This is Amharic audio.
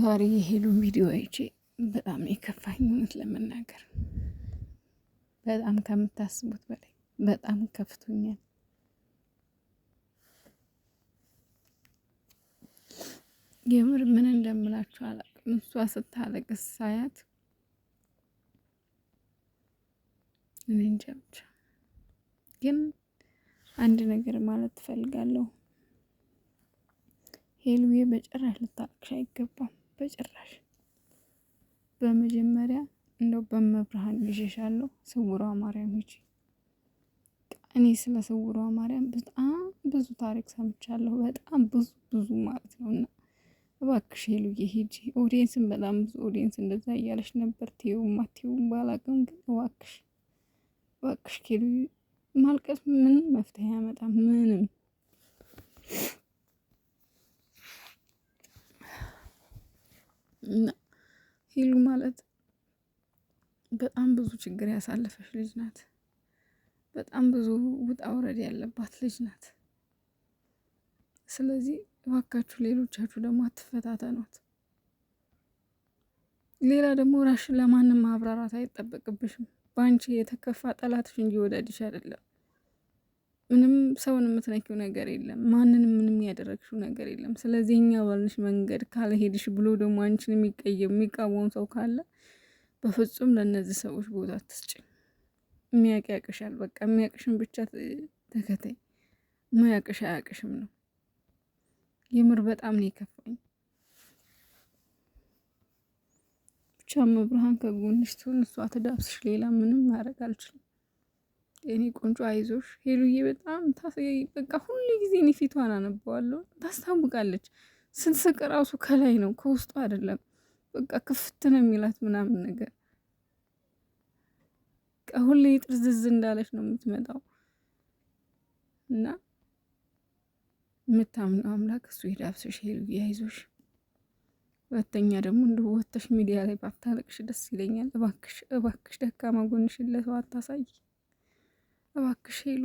ዛሬ የሄሉን ቪዲዮ አይቼ በጣም የከፋኝ እውነት ለመናገር በጣም ከምታስቡት በላይ በጣም ከፍቶኛል። የምር ምን እንደምላችሁ አላቅም። እሷ ስታለቅስ ሳያት እኔ እንጃ ብቻ። ግን አንድ ነገር ማለት ትፈልጋለሁ ሄሉዬ በጭራሽ ልታለቅሽ አይገባም፣ በጭራሽ በመጀመሪያ እንደው በመብርሃን ይሸሻለሁ። ስውሯ ማርያም ሂጂ። እኔ ስለ ስውሯ ማርያም በጣም ብዙ ታሪክ ሰምቻለሁ፣ በጣም ብዙ ብዙ ማለት ነው። እና እባክሽ ሄሉዬ ሂጂ። ኦዲየንስን በጣም ብዙ ኦዲየንስ እንደዛ እያለች ነበር። ቴውም አትዩም ባላቅም፣ ግን እባክሽ እባክሽ ሄሉዬ ማልቀስ ምንም መፍትሄ ያመጣ ምንም እና ሄሉ ማለት በጣም ብዙ ችግር ያሳለፈች ልጅ ናት። በጣም ብዙ ውጣ ውረድ ያለባት ልጅ ናት። ስለዚህ እባካችሁ ሌሎቻችሁ ደግሞ አትፈታተኗት። ሌላ ደግሞ ራሽን ለማንም ማብራራት አይጠበቅብሽም። በአንቺ የተከፋ ጠላትሽ እንጂ ወዳጅሽ አይደለም። ምንም ሰውን የምትነኪው ነገር የለም። ማንንም ያደረግሽው ነገር የለም። ስለዚህ እኛ ባልንሽ መንገድ ካልሄድሽ ብሎ ደግሞ አንቺን የሚቀየም የሚቃወም ሰው ካለ በፍጹም ለእነዚህ ሰዎች ቦታ አትስጭ። የሚያቅ ያቅሻል። በቃ የሚያቅሽን ብቻ ተከታይ፣ ማያቅሽ አያቅሽም ነው። የምር በጣም ነው የከፋኝ። ብቻ መብርሃን ከጎንሽ ትሁን፣ እሷ ትዳብስሽ። ሌላ ምንም ማድረግ አልችልም። የኔ ቆንጆ አይዞሽ ሄሉዬ በጣም በቃ ሁሉ ጊዜ እኔ ፊቷን አነበዋለሁ። ታስታውቃለች። ስትስቅ ራሱ ከላይ ነው ከውስጡ አይደለም። በቃ ክፍት ነው የሚላት ምናምን ነገር ሁሌ ጥርዝዝ እንዳለች ነው የምትመጣው እና የምታምነው አምላክ እሱ ይዳብስሽ ሄሉዬ አይዞሽ። ሁለተኛ ደግሞ እንደ ወተሽ ሚዲያ ላይ ባታለቅሽ ደስ ይለኛል። እባክሽ እባክሽ ደካማ ጎንሽን ለሰው አታሳይ። እባክሽ ሄሉ